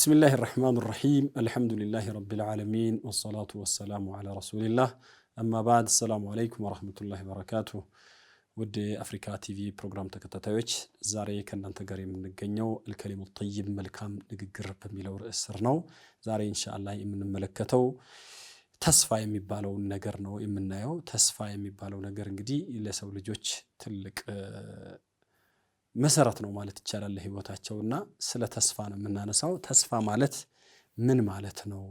بسم الله الرحمن الرحيم الحمد لله رب العالمين والصلاة والسلام على رسول الله أما بعد السلام عليكم ورحمة الله وبركاته ውድ የአፍሪካ ቲቪ ፕሮግራም ተከታታዮች ዛሬ ከእናንተ ጋር የምንገኘው አልከሊሙ ጠይብ መልካም ንግግር በሚለው ርዕስ ስር ነው። ዛሬ እንሻላ የምንመለከተው ተስፋ የሚባለውን ነገር ነው የምናየው። ተስፋ የሚባለው ነገር እንግዲህ ለሰው ልጆች ትልቅ መሰረት ነው ማለት ይቻላል ለህይወታቸው። እና ስለ ተስፋ ነው የምናነሳው። ተስፋ ማለት ምን ማለት ነው?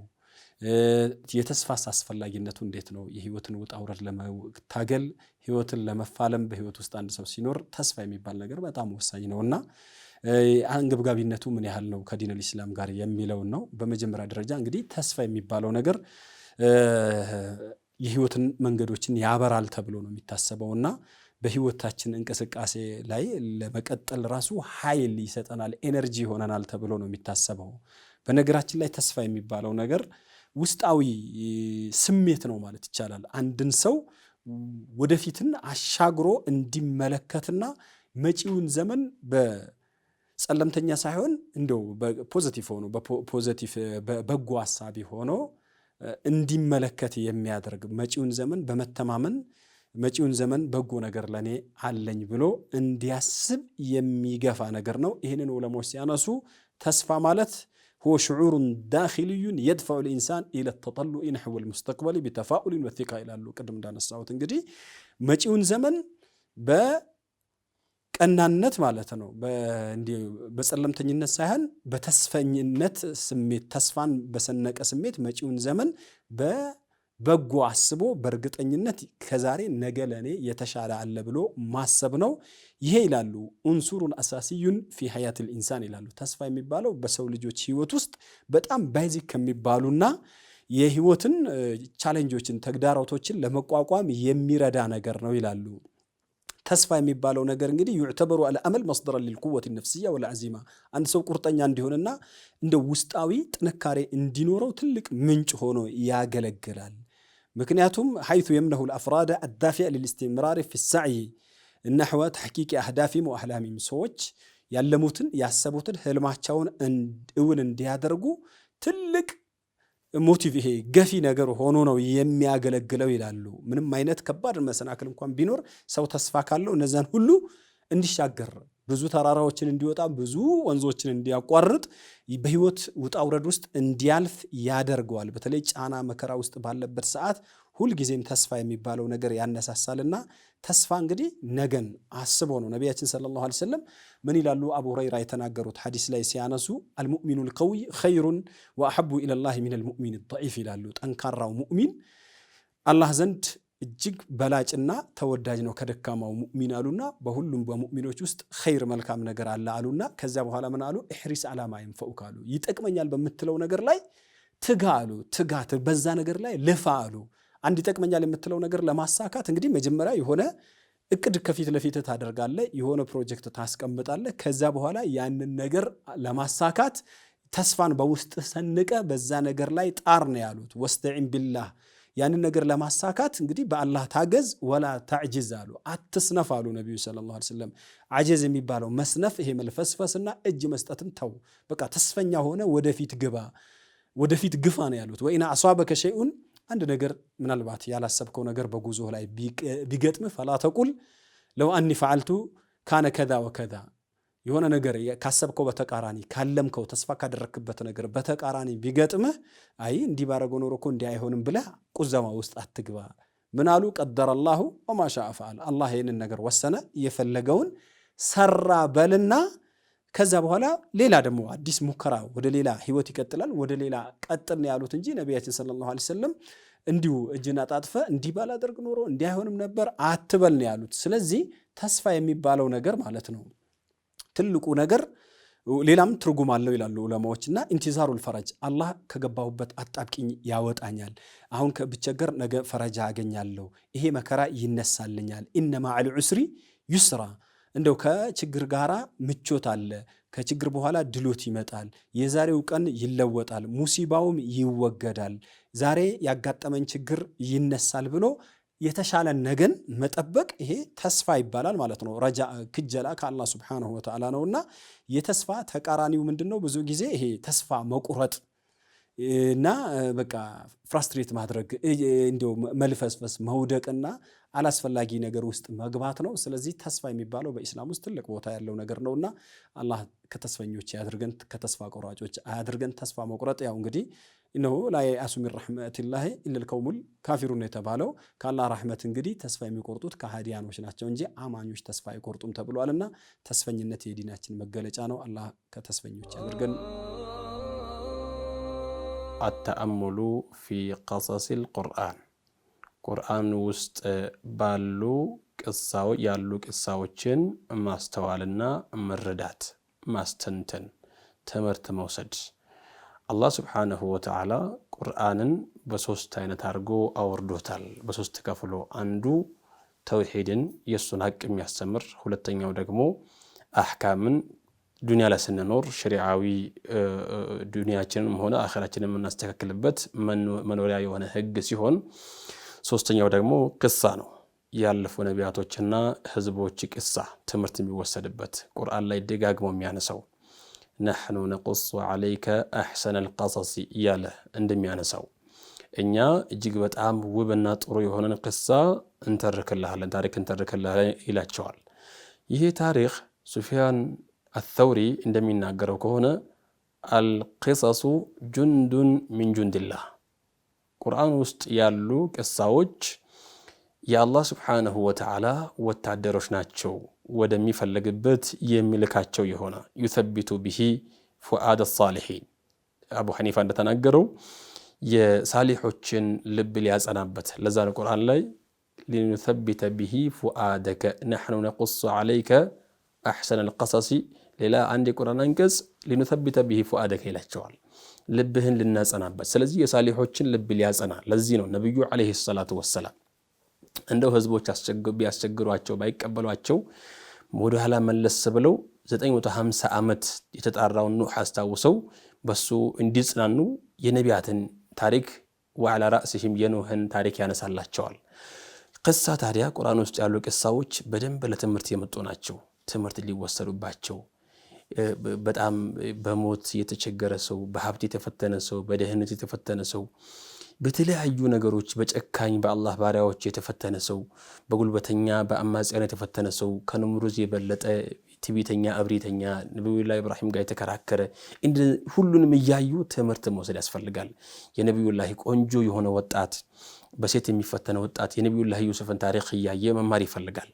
የተስፋስ አስፈላጊነቱ እንዴት ነው? የህይወትን ውጣ ውረድ ለመታገል ህይወትን ለመፋለም በህይወት ውስጥ አንድ ሰው ሲኖር ተስፋ የሚባል ነገር በጣም ወሳኝ ነው እና አንገብጋቢነቱ ምን ያህል ነው ከዲን ኢስላም ጋር የሚለውን ነው። በመጀመሪያ ደረጃ እንግዲህ ተስፋ የሚባለው ነገር የህይወትን መንገዶችን ያበራል ተብሎ ነው የሚታሰበው እና በህይወታችን እንቅስቃሴ ላይ ለመቀጠል ራሱ ኃይል ይሰጠናል፣ ኤነርጂ ይሆነናል ተብሎ ነው የሚታሰበው። በነገራችን ላይ ተስፋ የሚባለው ነገር ውስጣዊ ስሜት ነው ማለት ይቻላል። አንድን ሰው ወደፊትን አሻግሮ እንዲመለከትና መጪውን ዘመን በጸለምተኛ ሳይሆን እንደው ፖዘቲቭ ሆኖ በፖዘቲቭ በጎ አሳቢ ሆኖ እንዲመለከት የሚያደርግ መጪውን ዘመን በመተማመን መጪውን ዘመን በጎ ነገር ለእኔ አለኝ ብሎ እንዲያስብ የሚገፋ ነገር ነው። ይህንን ዑለሞች ሲያነሱ ተስፋ ማለት ሁወ ሽዑሩን ዳኪልዩን የድፋዑ ልኢንሳን ኢለ ተጠሉኢ ነሕወ ልሙስተቅበሊ ቢተፋኡሊን ወቲቃ ይላሉ። ቅድም እንዳነሳሁት እንግዲህ መጪውን ዘመን በቀናነት ማለት ነው፣ በጸለምተኝነት ሳይሆን በተስፈኝነት ስሜት ተስፋን በሰነቀ ስሜት መጪውን ዘመን በጎ አስቦ በእርግጠኝነት ከዛሬ ነገ ለእኔ የተሻለ አለ ብሎ ማሰብ ነው። ይሄ ይላሉ ኡንሱሩን አሳሲዩን ፊ ሀያት ልኢንሳን ይላሉ። ተስፋ የሚባለው በሰው ልጆች ህይወት ውስጥ በጣም ባይዚክ ከሚባሉና የህይወትን ቻሌንጆችን ተግዳሮቶችን ለመቋቋም የሚረዳ ነገር ነው ይላሉ። ተስፋ የሚባለው ነገር እንግዲህ ዩዕተበሩ አልአመል መስደረ ሊልቁወት ነፍስያ ወለአዚማ አንድ ሰው ቁርጠኛ እንዲሆንና እንደ ውስጣዊ ጥንካሬ እንዲኖረው ትልቅ ምንጭ ሆኖ ያገለግላል። ምክንያቱም ሐይቱ የምነሁል አፍራደ አዳፊዕ ልልእስትምራሪ ፊ ሳዕይ ተሕቂቅ አህዳፊም ወአህላሚም ሰዎች ያለሙትን ያሰቡትን ህልማቸውን እውን እንዲያደርጉ ትልቅ ሞቲቭ ይሄ ገፊ ነገር ሆኖ ነው የሚያገለግለው ይላሉ። ምንም አይነት ከባድ መሰናክል እንኳን ቢኖር ሰው ተስፋ ካለው እነዚያን ሁሉ እንዲሻገር ብዙ ተራራዎችን እንዲወጣ፣ ብዙ ወንዞችን እንዲያቋርጥ፣ በህይወት ውጣውረድ ውስጥ እንዲያልፍ ያደርገዋል። በተለይ ጫና መከራ ውስጥ ባለበት ሰዓት ሁልጊዜም ተስፋ የሚባለው ነገር ያነሳሳልና ተስፋ እንግዲህ ነገን አስቦ ነው። ነቢያችን ሰለላሁ ዐለይሂ ወሰለም ምን ይላሉ? አቡ ሁረይራ የተናገሩት ሐዲስ ላይ ሲያነሱ አልሙእሚኑ ልቀውይ ኸይሩን ወአሐቡ ኢለላህ ሚነል ሙእሚን ደዒፍ ይላሉ። ጠንካራው ሙእሚን አላህ ዘንድ እጅግ በላጭና ተወዳጅ ነው ከደካማው ሙእሚን አሉና፣ በሁሉም በሙእሚኖች ውስጥ ኸይር መልካም ነገር አለ አሉና፣ ከዚያ በኋላ ምን አሉ? እሕሪስ አላማ ይንፈው አሉ። ይጠቅመኛል በምትለው ነገር ላይ ትጋ አሉ። ትጋ በዛ ነገር ላይ ልፋ አሉ። አንድ ይጠቅመኛል የምትለው ነገር ለማሳካት እንግዲህ መጀመሪያ የሆነ እቅድ ከፊት ለፊት ታደርጋለ የሆነ ፕሮጀክት ታስቀምጣለ ከዚያ በኋላ ያንን ነገር ለማሳካት ተስፋን በውስጥ ሰንቀ በዛ ነገር ላይ ጣር ነው ያሉት። ወስተዒን ቢላህ ያንን ነገር ለማሳካት እንግዲህ በአላህ ታገዝ፣ ወላ ታዕጅዝ አሉ፣ አትስነፍ አሉ ነቢዩ ሰለላሁ ዐለይሂ ወሰለም። አጀዝ የሚባለው መስነፍ፣ ይሄ መልፈስፈስና እጅ መስጠትም ተው፣ በቃ ተስፈኛ ሆነ፣ ወደፊት ግባ፣ ወደፊት ግፋ ነው ያሉት። ወኢን አሷበከ ሸይኡን አንድ ነገር ምናልባት ያላሰብከው ነገር በጉዞ ላይ ቢገጥምህ፣ ፈላ ተቁል ለው አኒ ፈዓልቱ ካነ ከዛ ወከዛ የሆነ ነገር ካሰብከው በተቃራኒ ካለምከው ተስፋ ካደረክበት ነገር በተቃራኒ ቢገጥምህ አይ እንዲህ ባረገው ኖሮ እኮ እንዲህ አይሆንም ብለህ ቁዘማ ውስጥ አትግባ። ምን አሉ? ቀደረ ወማሻ ፈዓል። አላህ ይህንን ነገር ወሰነ፣ የፈለገውን ሰራ በልና ከዛ በኋላ ሌላ ደግሞ አዲስ ሙከራ ወደ ሌላ ህይወት ይቀጥላል። ወደ ሌላ ቀጥል ያሉት እንጂ ነቢያችን ሰለላሁ ዐለይሂ ወሰለም እንዲሁ እጅን አጣጥፈ እንዲህ ባላደርግ ኖሮ እንዲህ አይሆንም ነበር አትበል ነው ያሉት። ስለዚህ ተስፋ የሚባለው ነገር ማለት ነው ትልቁ ነገር ሌላም ትርጉም አለው ይላሉ ዑለማዎች እና ኢንቲዛሩ ፈረጅ አላህ ከገባሁበት አጣብቂኝ ያወጣኛል። አሁን ብቸገር ነገ ፈረጃ አገኛለሁ፣ ይሄ መከራ ይነሳልኛል። ኢነማ አል ዑስሪ ዩስራ እንደው ከችግር ጋር ምቾት አለ። ከችግር በኋላ ድሎት ይመጣል። የዛሬው ቀን ይለወጣል፣ ሙሲባውም ይወገዳል። ዛሬ ያጋጠመኝ ችግር ይነሳል ብሎ የተሻለ ነገን መጠበቅ ይሄ ተስፋ ይባላል ማለት ነው። ረጃ ክጀላ ከአላህ ሱብሓነሁ ወተዓላ እና የተስፋ ተቃራኒው ምንድን ነው? ብዙ ጊዜ ይሄ ተስፋ መቁረጥ እና በቃ ፍራስትሬት ማድረግ እንዲያው መልፈስፈስ መውደቅና አላስፈላጊ ነገር ውስጥ መግባት ነው። ስለዚህ ተስፋ የሚባለው በኢስላም ውስጥ ትልቅ ቦታ ያለው ነገር ነውና አላህ ከተስፈኞች አያድርገን፣ ከተስፋ ቆራጮች አያድርገን። ተስፋ መቁረጥ ያው እንግዲህ እነሆ ላየአሱ ሚን ረሕመቲላሂ ኢለል ቀውሙል ካፊሩን የተባለው ከአላህ ረሕመት እንግዲህ ተስፋ የሚቆርጡት ከሃዲያኖች ናቸው እንጂ አማኞች ተስፋ አይቆርጡም ተብሏልና ተስፈኝነት የዲናችን መገለጫ ነው። አላህ ከተስፈኞች ያድርገን። አተአሙሉ ፊ ቀሰሲል ቁርአን ቁርአን ውስጥ ባሉ ያሉ ቅሳዎችን ማስተዋልና መረዳት፣ ማስተንተን፣ ትምህርት መውሰድ አላህ ስብሓነሁ ወተዓላ ቁርአንን በሶስት አይነት አድርጎ አወርዶታል፣ በሶስት ከፍሎ። አንዱ ተውሂድን የእሱን ሀቅ የሚያስተምር፣ ሁለተኛው ደግሞ አሕካምን ዱኒያ ላይ ስንኖር ሽሪዓዊ ዱኒያችንም ሆነ አኸራችንን የምናስተካክልበት መኖሪያ የሆነ ህግ ሲሆን፣ ሶስተኛው ደግሞ ክሳ ነው። ያለፉ ነቢያቶችና ህዝቦች ቅሳ ትምህርት የሚወሰድበት ቁርአን ላይ ደጋግሞ የሚያነሳው ነሕኑ ነቁሱ ዓለይከ አሕሰነ ልቀሰሲ እያለ እንደሚያነሳው እኛ እጅግ በጣም ውብና ጥሩ የሆነን ቅሳ እንተርክልሃለን፣ ታሪክ እንተርክልሃለን ይላቸዋል። ይህ ታሪክ ሱፊያን አተውሪ እንደሚናገረው ከሆነ አልቅሰሱ ጁንዱን ሚን ጁንድላህ፣ ቁርአን ውስጥ ያሉ ቅሳዎች የአላህ ስብሓነሁ ወተዓላ ወታደሮች ናቸው። ወደሚፈለግበት የሚልካቸው የሆነ ዩሰቢቱ ቢሂ ፉአድ ሳሊሒን አቡ ሐኒፋ እንደተናገረው የሳሊሖችን ልብ ሊያጸናበት ለዛ ነው ቁርአን ላይ ሊኑሰቢተ ብሂ ፉአደከ ነሕኑ ነቁሱ ዓለይከ አሕሰን አልቀሰሲ ሌላ አንድ የቁርአን አንቀጽ ሊኑሰቢተ ብሂ ፉአደከ ይላቸዋል ልብህን ልናጸናበት ስለዚህ የሳሊሖችን ልብ ሊያጸና ለዚህ ነው ነቢዩ ዓለይሂ ሰላቱ ወሰላም እንደው ህዝቦች ቢያስቸግሯቸው ባይቀበሏቸው ወደ ኋላ መለስ ብለው 950 ዓመት የተጣራውን ኑሕ አስታውሰው በሱ እንዲጽናኑ የነቢያትን ታሪክ ዋዕላ ራእሲህም የኑህን ታሪክ ያነሳላቸዋል። ቅሳ ታዲያ ቁርአን ውስጥ ያሉ ቅሳዎች በደንብ ለትምህርት የመጡ ናቸው። ትምህርት ሊወሰዱባቸው በጣም በሞት የተቸገረ ሰው፣ በሀብት የተፈተነ ሰው፣ በደህንነት የተፈተነ ሰው በተለያዩ ነገሮች በጨካኝ በአላህ ባሪያዎች የተፈተነ ሰው፣ በጉልበተኛ በአማጽያን የተፈተነ ሰው፣ ከንምሩዝ የበለጠ ትዕቢተኛ፣ እብሪተኛ ነቢዩላህ ኢብራሂም ጋር የተከራከረ ሁሉንም እያዩ ትምህርት መውሰድ ያስፈልጋል። የነቢዩላህ ቆንጆ የሆነ ወጣት በሴት የሚፈተነ ወጣት የነቢዩላህ ዩሱፍን ታሪክ እያየ መማር ይፈልጋል።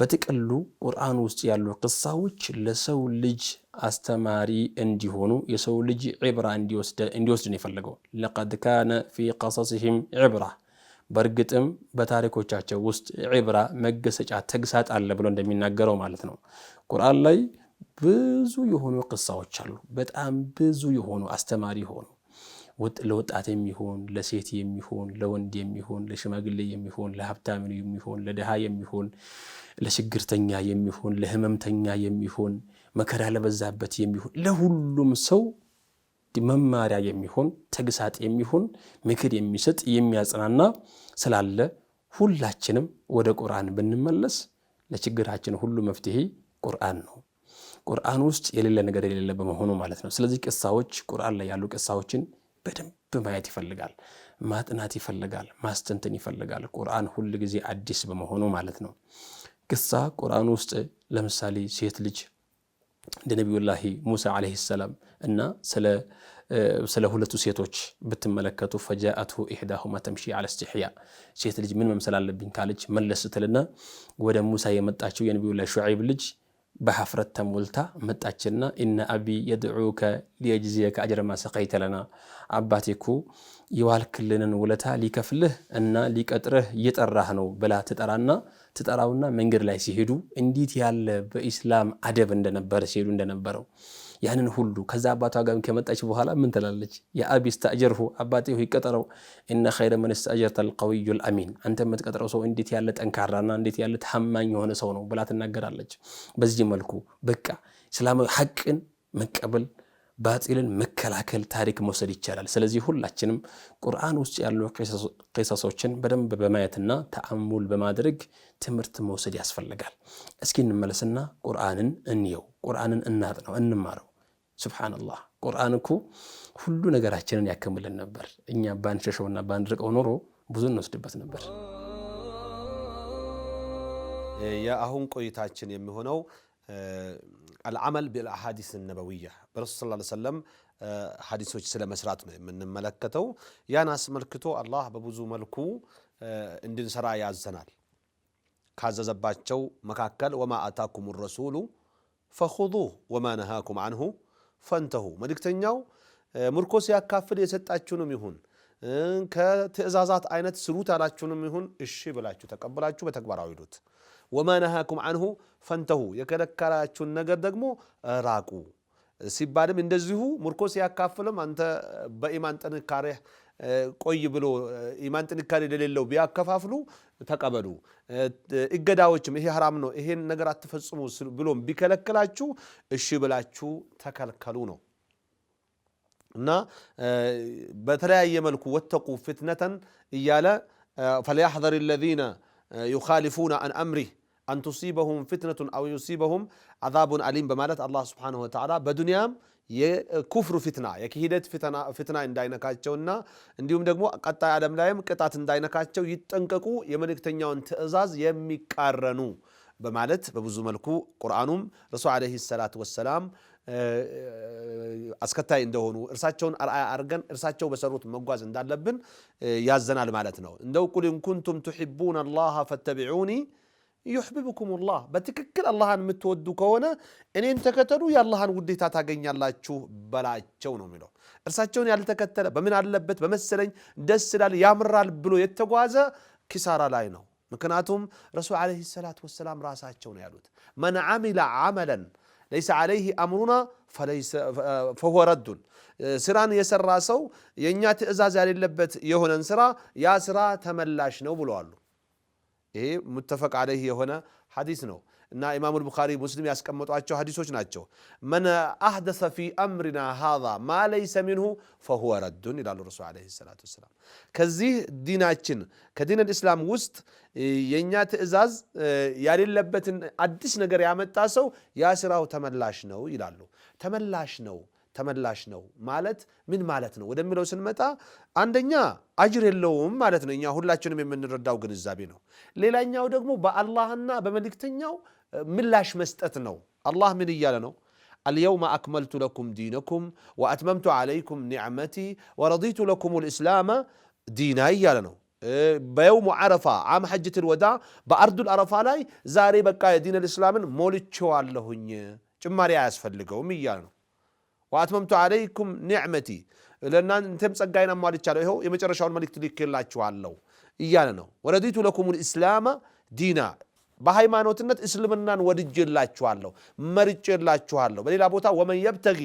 በጥቅሉ ቁርአን ውስጥ ያሉ ቅሳዎች ለሰው ልጅ አስተማሪ እንዲሆኑ የሰው ልጅ ዕብራ እንዲወስድ ነው የፈለገው። ለቀድ ካነ ፊ ቀሰስህም ዕብራ፣ በእርግጥም በታሪኮቻቸው ውስጥ ዕብራ መገሰጫ ተግሳጥ አለ ብሎ እንደሚናገረው ማለት ነው። ቁርአን ላይ ብዙ የሆኑ ቅሳዎች አሉ። በጣም ብዙ የሆኑ አስተማሪ የሆኑ ለወጣት የሚሆን ለሴት የሚሆን ለወንድ የሚሆን ለሽማግሌ የሚሆን ለሀብታም የሚሆን ለድሃ የሚሆን ለችግርተኛ የሚሆን ለህመምተኛ የሚሆን መከራ ለበዛበት የሚሆን ለሁሉም ሰው መማሪያ የሚሆን ተግሳጥ የሚሆን ምክር የሚሰጥ የሚያጽናና ስላለ ሁላችንም ወደ ቁርአን ብንመለስ ለችግራችን ሁሉ መፍትሄ ቁርአን ነው። ቁርአን ውስጥ የሌለ ነገር የሌለ በመሆኑ ማለት ነው። ስለዚህ ቅሳዎች ቁርአን ላይ ያሉ ቅሳዎችን በደንብ ማየት ይፈልጋል፣ ማጥናት ይፈልጋል፣ ማስተንተን ይፈልጋል። ቁርአን ሁል ጊዜ አዲስ በመሆኑ ማለት ነው። ቅሳ ቁርአን ውስጥ ለምሳሌ ሴት ልጅ እንደ ነቢዩላሂ ሙሳ ዓለይሂ ሰላም እና ስለ ሁለቱ ሴቶች ብትመለከቱ ፈጃአትሁ ኢሕዳሁማ ተምሺ አለ ስትሕያ ሴት ልጅ ምን መምሰል አለብኝ ካለች መለስ ስትልና ወደ ሙሳ የመጣችው የነቢዩላሂ ሹዓይብ ልጅ በሐፍረት ተሞልታ መጣችና እነ አቢ የድዑከ ሊየጅዝየከ አጅረ ማ ሰቀይተ ለና፣ አባቴ እኮ የዋልክልንን ውለታ ሊከፍልህ እና ሊቀጥርህ እየጠራህ ነው ብላ ትጠራና ትጠራውና መንገድ ላይ ሲሄዱ እንዲት ያለ በኢስላም አደብ እንደነበረ ሲሄዱ እንደነበረው ያንን ሁሉ ከዛ አባቷ ጋር ከመጣች በኋላ ምን ትላለች? የአብ ስተአጀርሁ አባቴ ሆይ ቀጠረው። እነ ኸይረ መን ስተአጀርተ ልቀዊዩ ልአሚን፣ አንተ የምትቀጥረው ሰው እንዴት ያለ ጠንካራና እንዴት ያለ ታማኝ የሆነ ሰው ነው ብላ ትናገራለች። በዚህ መልኩ በቃ እስላማዊ ሐቅን መቀበል ባጢልን መከላከል ታሪክ መውሰድ ይቻላል። ስለዚህ ሁላችንም ቁርአን ውስጥ ያሉ ቂሰሶችን በደንብ በማየትና ተአሙል በማድረግ ትምህርት መውሰድ ያስፈልጋል። እስኪ እንመለስና ቁርአንን እንየው፣ ቁርአንን እናጥነው፣ እንማረው። ሱብሓነላህ ቁርአን እኮ ሁሉ ነገራችንን ያከምልን ነበር። እኛ ባንሸሸውና ባንድርቀው ኖሮ ብዙ እንወስድበት ነበር። የአሁን ቆይታችን የሚሆነው አልዓመል ቢልአሓዲስ ነበዊያ በረሱል ሰለላሁ ዐለይሂ ወሰለም ሐዲሶች ስለ መስራት ነው የምንመለከተው። ያን አስመልክቶ አላህ በብዙ መልኩ እንድንሰራ ያዘናል። ካዘዘባቸው መካከል ወማ አታኩም ረሱሉ ፈኹዙህ ወማ ነሃኩም አንሁ ፈንተሁ መልእክተኛው ምርኮ ሲያካፍል የሰጣችሁንም ይሁን ከትእዛዛት አይነት ስሩት ያላችሁንም ይሁን እሺ ብላችሁ ተቀብላችሁ በተግባራዊ ሂዱት። ወማ ነሃኩም አንሁ ፈንተሁ የከለከላችሁን ነገር ደግሞ ራቁ ሲባልም እንደዚሁ ምርኮ ሲያካፍልም አንተ በኢማን ጥንካሬህ ቆይ ብሎ ኢማን ጥንካሬ ለሌለው ቢያከፋፍሉ ተቀበሉ። እገዳዎችም ይሄ ሐራም ነው ይሄን ነገር አትፈጽሙ ብሎም ቢከለክላችሁ እሺ ብላችሁ ተከልከሉ ነው እና በተለያየ መልኩ ወተቁ ፊትነተን እያለ فليحذر الذين يخالفون عن أمره أن تصيبهم فتنة أو يصيبهم عذاب أليم بمالت الله سبحانه وتعالى بدنيام የኩፍሩ ፊትና የክህደት ፍትና እንዳይነካቸውና እንዲሁም ደግሞ ቀጣይ ዓለም ላይም ቅጣት እንዳይነካቸው ይጠንቀቁ፣ የመልእክተኛውን ትእዛዝ የሚቃረኑ በማለት በብዙ መልኩ ቁርአኑም ረሱል ዓለይሂ ሰላት ወሰላም አስከታይ እንደሆኑ እርሳቸውን አርአያ አድርገን እርሳቸው በሰሩት መጓዝ እንዳለብን ያዘናል ማለት ነው። እንደው ቁል ኢን ኩንቱም ቱሒቡና አላህ ፈተቢዑኒ ዩሕብብኩም ላህ በትክክል አላህን የምትወዱ ከሆነ እኔን ተከተሉ የአላህን ውዴታ ታገኛላችሁ በላቸው ነው የሚለው። እርሳቸውን ያልተከተለ በምን አለበት በመሰለኝ ደስ ይላል ያምራል ብሎ የተጓዘ ኪሳራ ላይ ነው። ምክንያቱም ረሱል ዓለይሂ ሰላት ወሰላም ራሳቸው ነው ያሉት መን ዓሚለ ዓመለን ለይሰ ዓለይህ አምሩና ፈሁወ ረዱን። ስራን የሰራ ሰው የእኛ ትእዛዝ ያሌለበት የሆነን ስራ ያ ስራ ተመላሽ ነው ብለዋሉ። ይሄ ሙተፈቅ አለይህ የሆነ ሐዲስ ነው እና ኢማሙ ልቡኻሪ ሙስሊም ያስቀመጧቸው ሐዲሶች ናቸው። መን አህደሰ ፊ አምሪና ሃዛ ማ ለይሰ ሚንሁ ፈሁወ ረዱን ይላሉ ረሱል ዓለይሂ ሰላቱ ወሰላም። ከዚህ ዲናችን ከዲን ልእስላም ውስጥ የእኛ ትእዛዝ ያሌለበትን አዲስ ነገር ያመጣ ሰው ያ ስራው ተመላሽ ነው ይላሉ። ተመላሽ ነው ተመላሽ ነው ማለት ምን ማለት ነው ወደሚለው ስንመጣ አንደኛ አጅር የለውም ማለት ነው። እኛ ሁላችንም የምንረዳው ግንዛቤ ነው። ሌላኛው ደግሞ በአላህና በመልእክተኛው ምላሽ መስጠት ነው። አላህ ምን እያለ ነው? አልየውመ አክመልቱ ለኩም ዲነኩም ወአትመምቱ ዓለይኩም ኒዕመቲ ወረዲቱ ለኩም ልእስላመ ዲና እያለ ነው። በየውሙ ዓረፋ ዓም ሐጅትል ወዳ በአርዱል አረፋ ላይ ዛሬ በቃ የዲን ልእስላምን ሞልቼዋለሁኝ ጭማሪ አያስፈልገውም እያለ ነው። واتممت عليكم نعمتي لان انت مصقاينا ما قلت له يمشي رشاون ملك تليك الله ورديت لكم الاسلام دينا በሃይማኖትነት እስልምናን ወድጄላችኋለሁ፣ መርጬላችኋለሁ። በሌላ ቦታ ወመን የብተጊ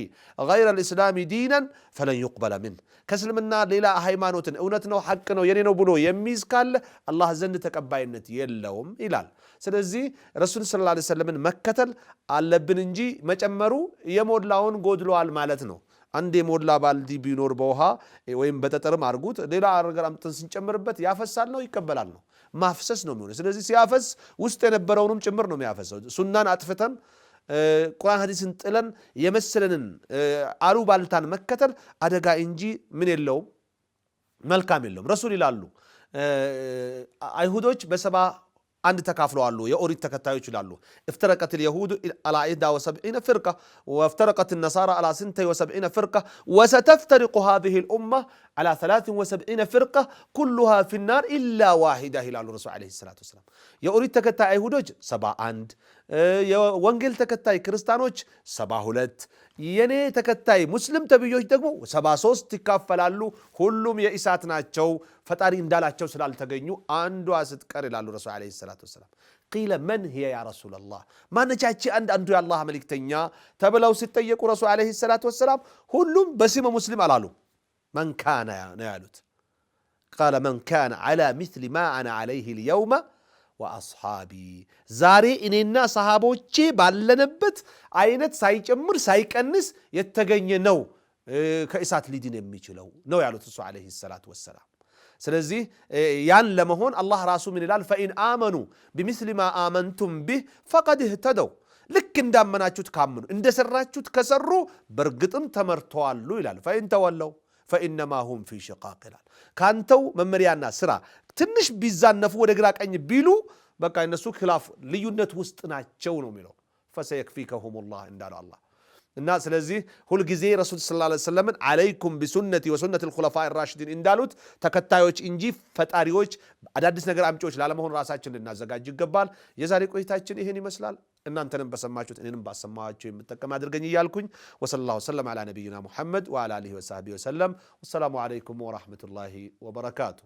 ገይረ ልእስላሚ ዲናን ፈለን ዩቅበለ ምን ከእስልምና ሌላ ሃይማኖትን እውነት ነው ሐቅ ነው የኔ ነው ብሎ የሚይዝ ካለ አላህ ዘንድ ተቀባይነት የለውም ይላል። ስለዚህ ረሱል ስለ ላ ሰለምን መከተል አለብን እንጂ መጨመሩ የሞላውን ጎድለዋል ማለት ነው። አንድ የሞላ ባልዲ ቢኖር በውሃ ወይም በጠጠርም አድርጉት ሌላ ነገር አምጥተን ስንጨምርበት ያፈሳል ነው ይቀበላል ነው ማፍሰስ ነው የሚሆነ። ስለዚህ ሲያፈስ ውስጥ የነበረውንም ጭምር ነው የሚያፈሰው። ሱናን አጥፍተን ቁርአን ሀዲስን ጥለን የመሰለንን ባልታን መከተል አደጋ እንጂ ምን የለውም መልካም የለውም። ረሱል ይላሉ አይሁዶች በሰባ አንድ ተካፍለው አሉ። የኦሪት ተከታዮች ይላሉ እፍተረቀት ልየሁድ አላ ኢሕዳ ወሰብዒነ ፍርቃ ወፍተረቀት ነሳራ አላ ስንተይ ወሰብዒነ ፍርቃ ወሰተፍተሪቁ ሃዚህ ልኡማ አላ ሰላሲን ወሰብዒነ ፍርቃ ኩሉሃ ፊናር ኢላ ዋሂዳ ይላሉ ረሱል ዓለይሂ ሰላቱ ወሰላም። የኦሪት ተከታይ አይሁዶች ሰባ አንድ የወንጌል ተከታይ ክርስቲያኖች 72 የኔ ተከታይ ሙስሊም ተብዮች ደግሞ 73 ይካፈላሉ። ሁሉም የእሳት ናቸው ፈጣሪ እንዳላቸው ስላልተገኙ አንዷ ስትቀር ይላሉ ረሱል ዓለይሂ ሰላቱ ወሰላም። ቂለ መን ሂየ ያ ረሱለላህ ማነቻቺ አንድ አንዱ የአላህ መልእክተኛ ተብለው ሲጠየቁ ረሱል ዓለይሂ ሰላቱ ወሰላም ሁሉም በስመ ሙስሊም አላሉ። መን ካነ ነው ያሉት። ቃለ መን ካነ ዓላ ሚስሊ ማ አና ዓለይህ ልየውመ ወአስሓቢ ዛሬ እኔና ሰሃቦቼ ባለንበት አይነት ሳይጨምር ሳይቀንስ የተገኘ ነው ከእሳት ሊድን የሚችለው ነው ያሉት እሱ ዓለይሂ ሰላቱ ወሰላም። ስለዚህ ያን ለመሆን አላህ ራሱ ምን ይላል? ፈኢን አመኑ ቢምስሊ ማ አመንቱም ቢህ ፈቀድ እህተደው ልክ እንዳመናችሁት ካምኑ እንደሰራችሁት ከሰሩ በእርግጥም ተመርተዋሉ ይላል። ፈኢን ተወለው ፈኢነማ ሁም ፊ ሽቃቅ ይላል። ካንተው መመሪያና ስራ ትንሽ ቢዛነፉ ወደ ግራ ቀኝ ቢሉ በቃ እነሱ ክላፍ ልዩነት ውስጥ ናቸው ነው የሚለው ፈሰየክፊከሁም ላህ እንዳለው አላህ እና ስለዚህ ሁልጊዜ ረሱል ስ ላ ሰለምን አለይኩም ቢሱነቲ ወሱነት ልኩለፋ ራሽዲን እንዳሉት ተከታዮች እንጂ ፈጣሪዎች አዳዲስ ነገር አምጪዎች ላለመሆን ራሳችን ልናዘጋጅ ይገባል። የዛሬ ቆይታችን ይህን ይመስላል። እናንተንም በሰማችሁት እኔንም ባሰማችሁ የምጠቀም አድርገኝ እያልኩኝ ወሰላ ሰለም አላ ነቢይና ሙሐመድ ወአላ አሊህ ወሳቢ ወሰለም ወሰላሙ አለይኩም ወራህመቱላሂ ወበረካቱ።